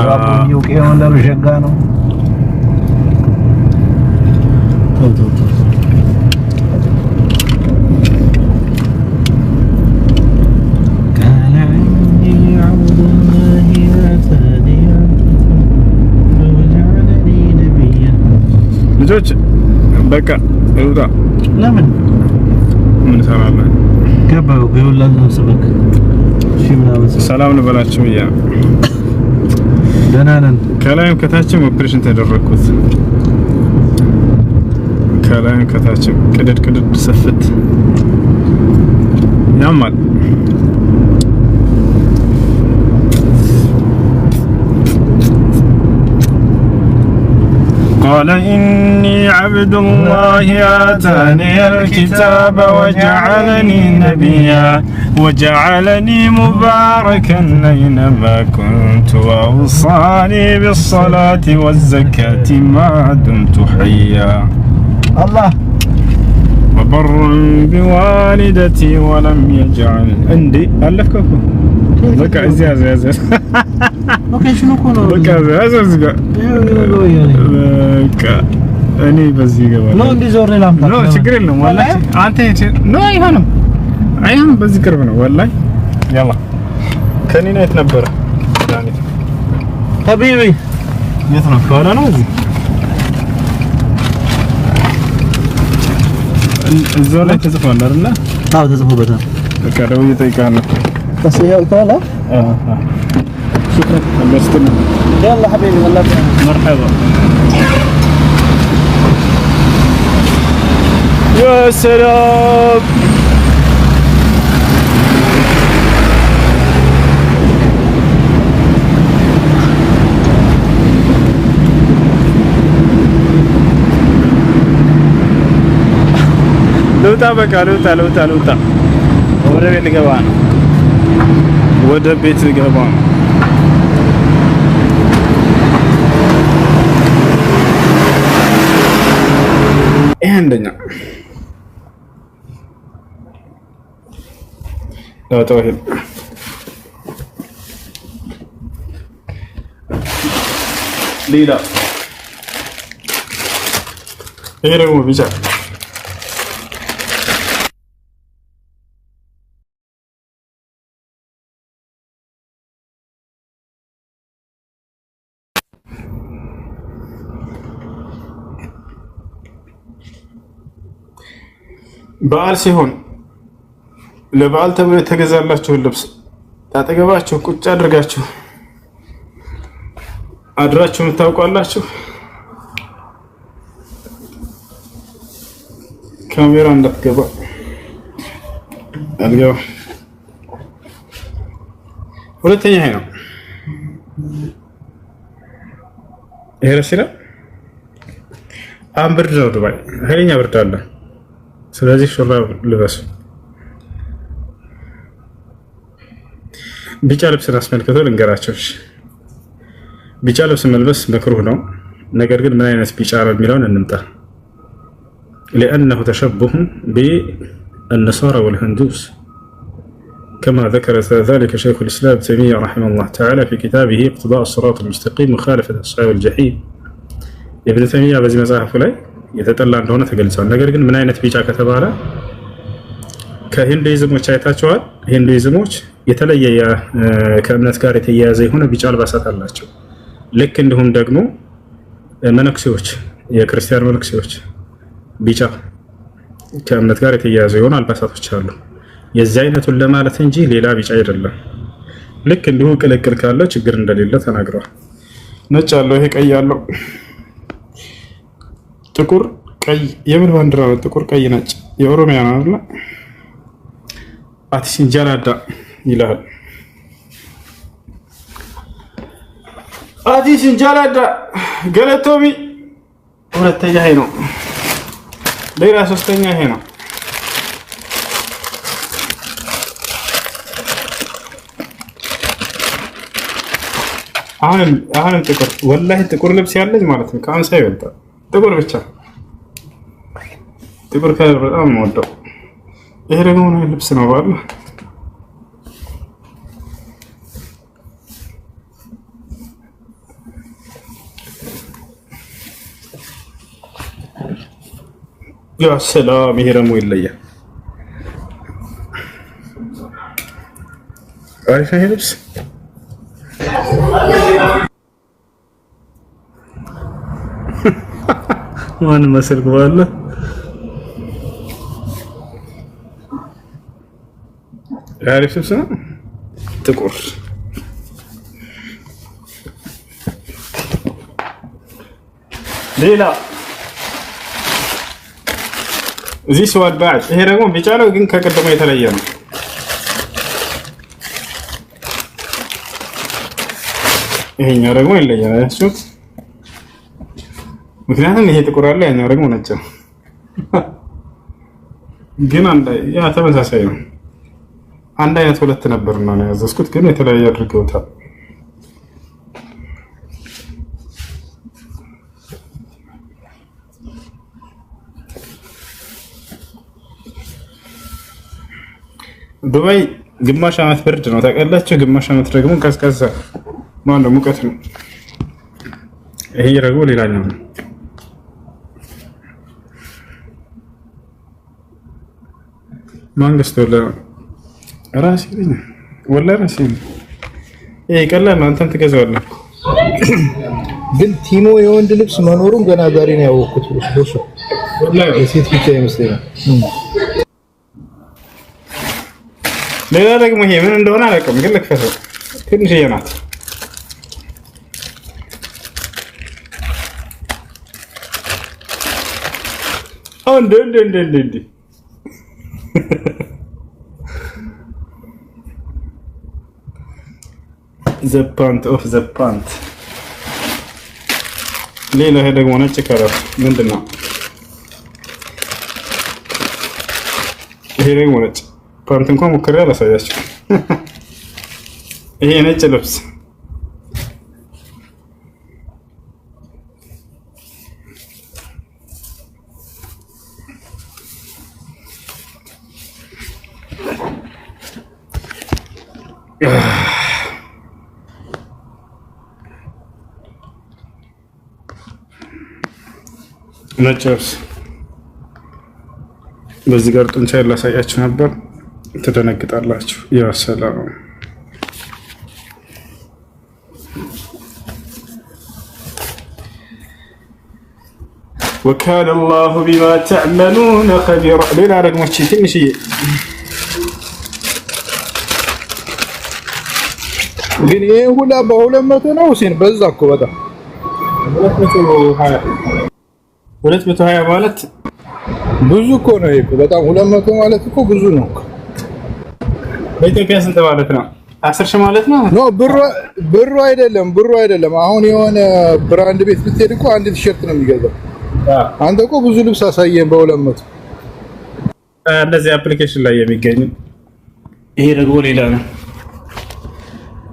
Europa, UK, onde eles chegaram. ልጆች በቃ ይውጣ። ለምን ምን ሰራለን? ገባው ይውላ ነው ሰበክ ሰላም ነው በላችሁ ያ كلام كتاشم وبرشن تدر ركوز كلام كتاشم كدد كدد سفت يامال قال إني عبد الله آتاني الكتاب وجعلني نبيا وجعلني مباركا أينما كنت وأوصاني بالصلاة والزكاة ما دمت حيا الله وبر بوالدتي ولم يجعل عندي هل لك لك عزيز عزيز لك شنو كونو لك عزيز لك እኔ لا ይገባል ነው لا لا ነው ችግር የለም ዋላ አንተ ነው አይሆንም አያም በዚህ ቅርብ ነው ወላሂ። ያላ ከኒና የት ነበረ? ዳኒት ሀቢቢ የት ነው? ከኋላ ነው። እዚህ እዛው ላይ ተጽፏል አይደለ? አዎ ተጽፎበታል። በቃ ደውዬ እጠይቅሃለሁ። ከሰያው ከኋላ شكرا حمستنا يلا حبيبي والله مرحبا يا سلام ልውጣ፣ በቃ ልውጣ፣ ልውጣ፣ ልውጣ። ወደ ቤት ልገባ ነው። ወደ ቤት ልገባ ነው። ይሄ አንደኛ ሌላ ይሄ ደግሞ ቢጫ በዓል ሲሆን ለበዓል ተብሎ የተገዛላችሁን ልብስ አጠገባችሁ ቁጭ አድርጋችሁ አድራችሁ የምታውቋላችሁ? ካሜራ እንዳትገባ አልገባ። ሁለተኛ ይሄ ነው። ይሄ ረስ አሁን ብርድ ነው ዱባይ፣ ኃይለኛ ብርድ አለ። سلازيك شو الرأي لباس بيجال بس ناس من كثر انقراتش بيجال بس ملبس مكروه نو نقر قد مناي ناس بيجال الميلون النمتا لأنه تشبه بالنصارى والهندوس كما ذكر ذلك شيخ الإسلام تيمية رحمه الله تعالى في كتابه اقتضاء الصراط المستقيم مخالفة أصحاب الجحيم ابن تيمية بزي مزاحف لي የተጠላ እንደሆነ ተገልጿል። ነገር ግን ምን አይነት ቢጫ ከተባለ ከሂንዱይዝሞች አይታቸዋል። ሂንዱይዝሞች የተለየ ከእምነት ጋር የተያያዘ የሆነ ቢጫ አልባሳት አላቸው። ልክ እንዲሁም ደግሞ መነኩሴዎች፣ የክርስቲያን መነኩሴዎች ቢጫ ከእምነት ጋር የተያያዘ የሆኑ አልባሳቶች አሉ። የዚህ አይነቱን ለማለት እንጂ ሌላ ቢጫ አይደለም። ልክ እንዲሁ ቅልቅል ካለው ችግር እንደሌለ ተናግረዋል። ነጭ ያለው ይሄ ቀይ ያለው ጥቁር ቀይ የምን ባንዲራ ነው? ጥቁር ቀይ ነጭ የኦሮሚያ ነው አይደል? አቲሲን ጀናዳ ይላል። አቲሲን ጀናዳ ገለቶሚ ሁለተኛ ይሄ ነው። ሌላ ሶስተኛ ይሄ ነው። አሁንም አሁንም ጥቁር ወላሂ ጥቁር ልብስ ያለች ማለት ነው ከአምሳ ይበልጣል። ጥቁር ብቻ ጥቁር ከለር በጣም የምወደው። ይሄ ደግሞ ልብስ ነው ባሉ ያ ሰላም። ይሄ ደግሞ ይለያል። አሪፍ ልብስ ማን መስል በኋላ አሪፍ ስብስ ነው። ጥቁር ሌላ እዚህ ስዋድ ባዕድ። ይሄ ደግሞ ቢጫ ነው፣ ግን ከቅድሞ የተለየ ነው። ይሄኛው ደግሞ ይለያል። አያችሁት? ምክንያቱም ይሄ ጥቁር አለ፣ ያኛው ደግሞ ነጭ ነው። ግን ያ ተመሳሳይ ነው። አንድ አይነት ሁለት ነበር እና ነው ያዘዝኩት፣ ግን የተለያየ አድርገውታል። ዱባይ ግማሽ አመት ብርድ ነው ታውቃላችሁ፣ ግማሽ አመት ደግሞ ቀዝቀዘ ማነው ሙቀት ነው። ይሄ ደግሞ ሌላኛው ነው። መንግስት ወላ ራሴ ወላ ራሴ ይሄ ቀላል ነው። አንተም ትገዛዋለህ። ግን ቲሞ የወንድ ልብስ መኖሩን ገና ዛሬ ነው ያወቅኩት። ዶሱ የሴት ብቻ ይመስለኛል። ሌላ ደግሞ ይሄ ምን እንደሆነ አላውቅም፣ ግን ልክፈተው። ትንሽዬ ናት። እንዴ እንዴ እንዴ እንዴ ዘፓንት ኦፍ ዘፓንት ሌላ ይሄ ደግሞ ነጭ ከለር ምንድን ነው? ይሄ ደግሞ ነጭ ፓንት እንኳን ሞክሬ አላሳያችሁም ይሄ ነጭ ልብስ ነጭ ልብስ በዚህ ጋር ጡንቻ ላሳያችሁ ነበር። ትደነግጣላችሁ። ያሰላም ወካነ አላሁ ቢማ ተዕመሉነ ከቢራ ሌላ ደግሞች ትንሽዬ ግን ይሄ ሁላ በሁለት መቶ ነው ሁሴን፣ በዛ እኮ በጣም ሁለት መቶ ሀያ ማለት ብዙ እኮ ነው። ይሄ በጣም ሁለት መቶ ማለት እኮ ብዙ ነው። በኢትዮጵያ ስንት ማለት ነው? አስር ሺህ ማለት ነው። ኖ ብሩ አይደለም፣ ብሩ አይደለም። አሁን የሆነ ብራንድ ቤት ብትሄድ እኮ አንድ ቲሸርት ነው የሚገዛው። አንተ እኮ ብዙ ልብስ አሳየን በሁለት መቶ እንደዚህ አፕሊኬሽን ላይ የሚገኝ ይሄ ደግሞ ሌላ ነው።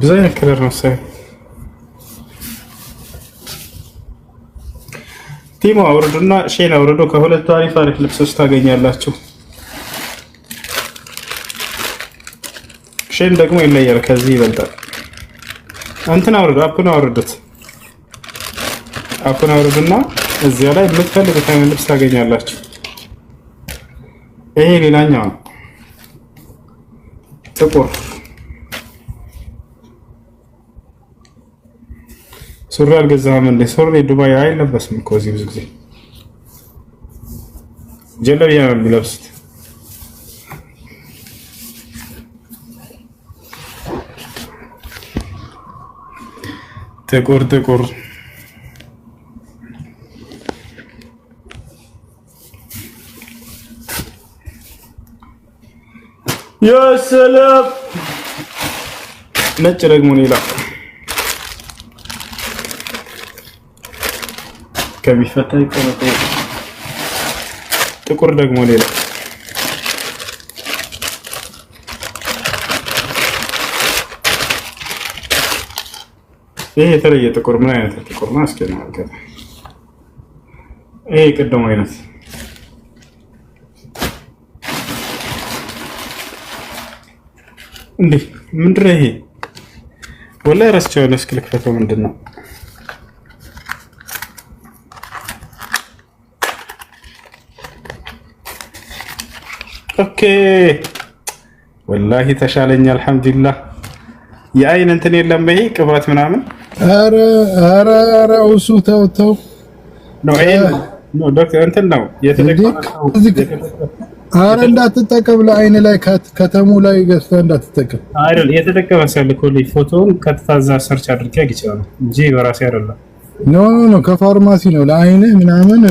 ብዙ አይነት ከለር ነው። ሳይ ቲሞ አውርዱና ሼን አውርዶ ከሁለቱ አሪፍ አሪፍ ልብሶች ታገኛላችሁ። ሼን ደግሞ ይለያል፣ ከዚህ ይበልጣል። እንትን አውርዱ፣ አፑን አውርዱት፣ አፑን አውርዱና እዚያ ላይ የምትፈልጉት አይነት ልብስ ታገኛላችሁ። ይሄ ሌላኛው ነው ጥቁር ሱሪ አልገዛህም እንዴ? ሱሪ ዱባይ አይለበስም እኮ እዚህ ብዙ ጊዜ ጀለቢያ ነው የሚለብሱት። ጥቁር ጥቁር የሰለፍ ነጭ ደግሞ ሌላ ከሚፈታ ይቆረጥ። ጥቁር ደግሞ ሌላ ይሄ የተለየ ጥቁር ምን አይነት ጥቁር ነው? እስኪ ነው አልከ ይሄ ቅድም አይነት እንዴ ምንድን ነው ይሄ? ወላሂ ረስቼው ነው። እስኪ ልክፈተው ምንድን ነው? ኦኬ ወላሂ ተሻለኝ። አልሐምዱሊላህ የአይን እንትን የለም ይሄ ቅብረት ምናምን። ኧረ ኧረ ኧረ እሱ ተው ተው አረ እንዳትጠቀም ለአይን ላይ ከተሙ ላይ ገዝተህ እንዳትጠቀም። አይደል የተጠቀመ ሰው ልኮልኝ ፎቶውን ቀጥታ ሰርች አድርጌ አግኝቼዋለሁ እንጂ በራሴ አይደለም። ኖ ኖ ኖ ከፋርማሲ ነው ለአይንህ ምናምን።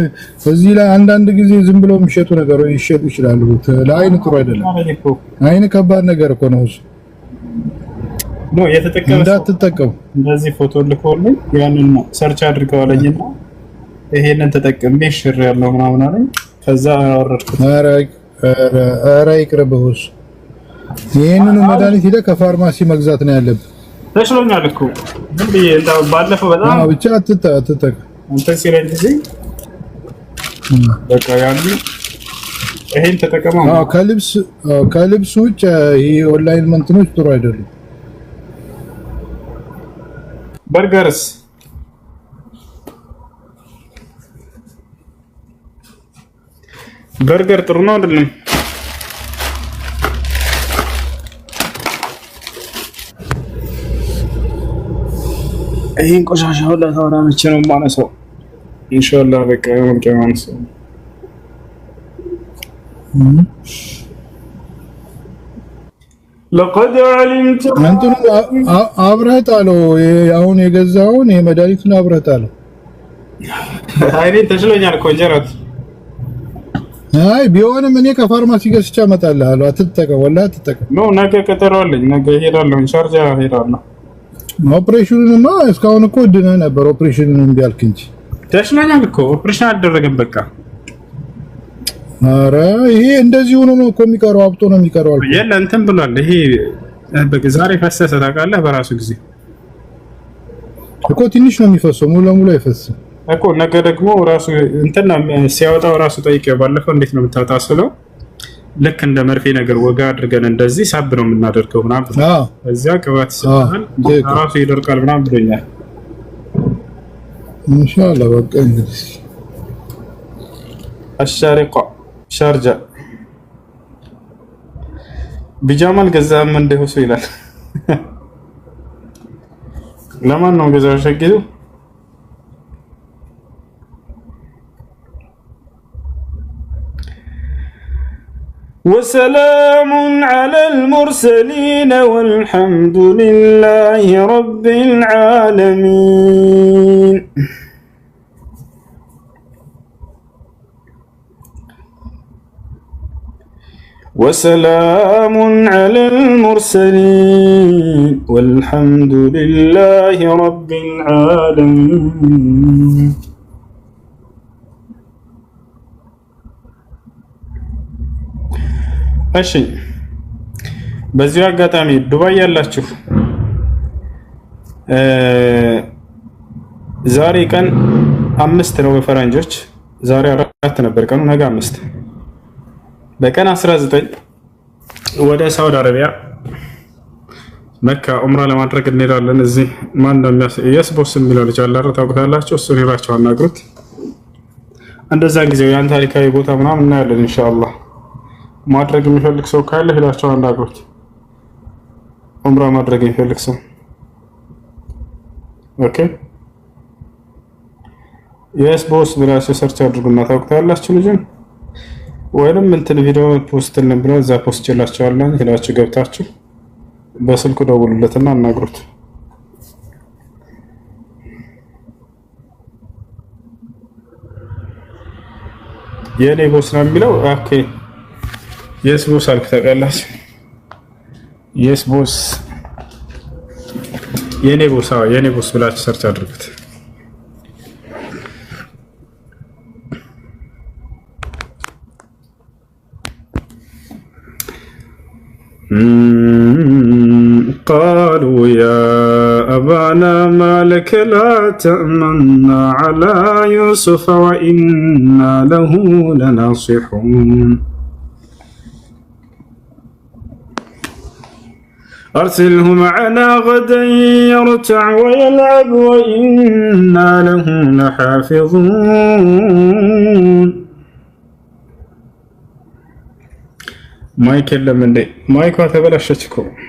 እዚህ ላይ አንዳንድ ጊዜ ዝም ብለው የሚሸጡ ነገሮች ይሸጡ ይችላሉ። ለአይን ጥሩ አይደለም። አይን ከባድ ነገር እኮ ነው። እሱ ኖ የተጠቀመ እንዳትጠቀሙ። እንደዚህ ፎቶ ልኮልኝ ያንን ነው ሰርች አድርገው አለኝና ይሄንን ተጠቅሜ ሽር ያለው ምናምን አለኝ። ከዛ አወረድኩት። ኧረ ይቅርብህ። ይሄንን መድኃኒት ሄደህ ከፋርማሲ መግዛት ነው ያለብህ። ተሽሎኛል እኮ ግን ብዬ እንዳው ባለፈው በጣም ብቻ አትተ አትተ አንተ በቃ ያሉ ይሄን ተጠቀመው። አዎ ከልብስ ከልብስ ውጭ ይሄ ኦንላይን መንትኖች ጥሩ አይደሉም። በርገርስ በርገር ጥሩ ነው አይደለም? ይህን ቆሻሻ ሁላ መቼ ነው የማነሳው። እንሻላ በቃ ወልቀ ማነሳው ለቀድ ዓሊምት አብረህ ጣለው። አሁን የገዛውን የመድኃኒቱን አብረህ ጣለው። አይኔ ተችሎኛል እኮ እንጀራት። አይ ቢሆንም እኔ ከፋርማሲ ገዝቼ አመጣልሃለሁ። አትጠቀም፣ ወላሂ አትጠቀም። ነገ ቀጠሮ አለኝ። ነገ እሄዳለሁ፣ ሻርጃ እሄዳለሁ። ኦፕሬሽኑንማ እስካሁን እኮ ድነህ ነበር። ኦፕሬሽኑን እምቢ አልክ እንጂ ተሽሎኛል እኮ ኦፕሬሽን አደረገን በቃ አረ ይሄ እንደዚህ ሆኖ ነው እኮ የሚቀረው፣ አብጦ ነው የሚቀረው አልኩ የለ እንትን ብሏል። ይሄ ዛሬ ፈሰሰ ታውቃለህ። በራሱ ጊዜ እኮ ትንሽ ነው የሚፈሰው፣ ሙሉ ለሙሉ አይፈስም እኮ። ነገ ደግሞ ራሱ እንትን ሲያወጣው ራሱ ጠይቄው ባለፈው እንዴት ነው የምታወጣ ስለው ልክ እንደ መርፌ ነገር ወጋ አድርገን እንደዚህ ሳብ ነው የምናደርገው ምናምን እዚያ ቅባት ይሰጣል ራሱ ይደርቃል ምናምን ብሎኛል። ኢንሻአላህ በቃ እንግዲህ አሻሪቆ ሻርጃ ቢጃማ አልገዛም እንደ ሁሱ ይላል። ለማን ነው ገዛው وسلام على المرسلين والحمد لله رب العالمين وسلام على المرسلين والحمد لله رب العالمين እሺ በዚሁ አጋጣሚ ዱባይ ያላችሁ ዛሬ ቀን አምስት ነው በፈረንጆች፣ ዛሬ አራት ነበር ቀኑ፣ ነገ አምስት በቀን 19 ወደ ሳውዲ አረቢያ መካ ኡምራ ለማድረግ እንሄዳለን። እዚህ ማን ነው የሚያስ የስቦስ የሚለው ልጅ አላረ ታውቁታላችሁ? እሱን ሄዳችሁ አናግሩት። እንደዛን ጊዜ ያን ታሪካዊ ቦታ ምናምን እናያለን ኢንሻአላህ። ማድረግ የሚፈልግ ሰው ካለ ሄዳቸው አንድ አገሮች ማድረግ የሚፈልግ ሰው ኦኬ የስ ቦስ ብላችሁ ሰርች አድርጉና ታውቁታላችሁ። ልጅን ወይንም እንትን ቪዲዮ ፖስት ልን ብለው እዛ ፖስት ችላቸዋለን። ሄዳችሁ ገብታችሁ በስልኩ ደውሉለትና አናግሩት። የእኔ ቦስ ነው የሚለው ኦኬ የስቦስ አልክ ታውቃለህ? የስቦስ የኔ ቦስ አዎ፣ የኔ ቦስ ብላችሁ ሰርች አድርጉት። قالوا يا أبانا ما لك لا تأمنا على يوسف وإنا له لناصحون أرسله معنا غدا يرتع ويلعب وإنا له لحافظون مايك لمن مايك ما تبلشتكم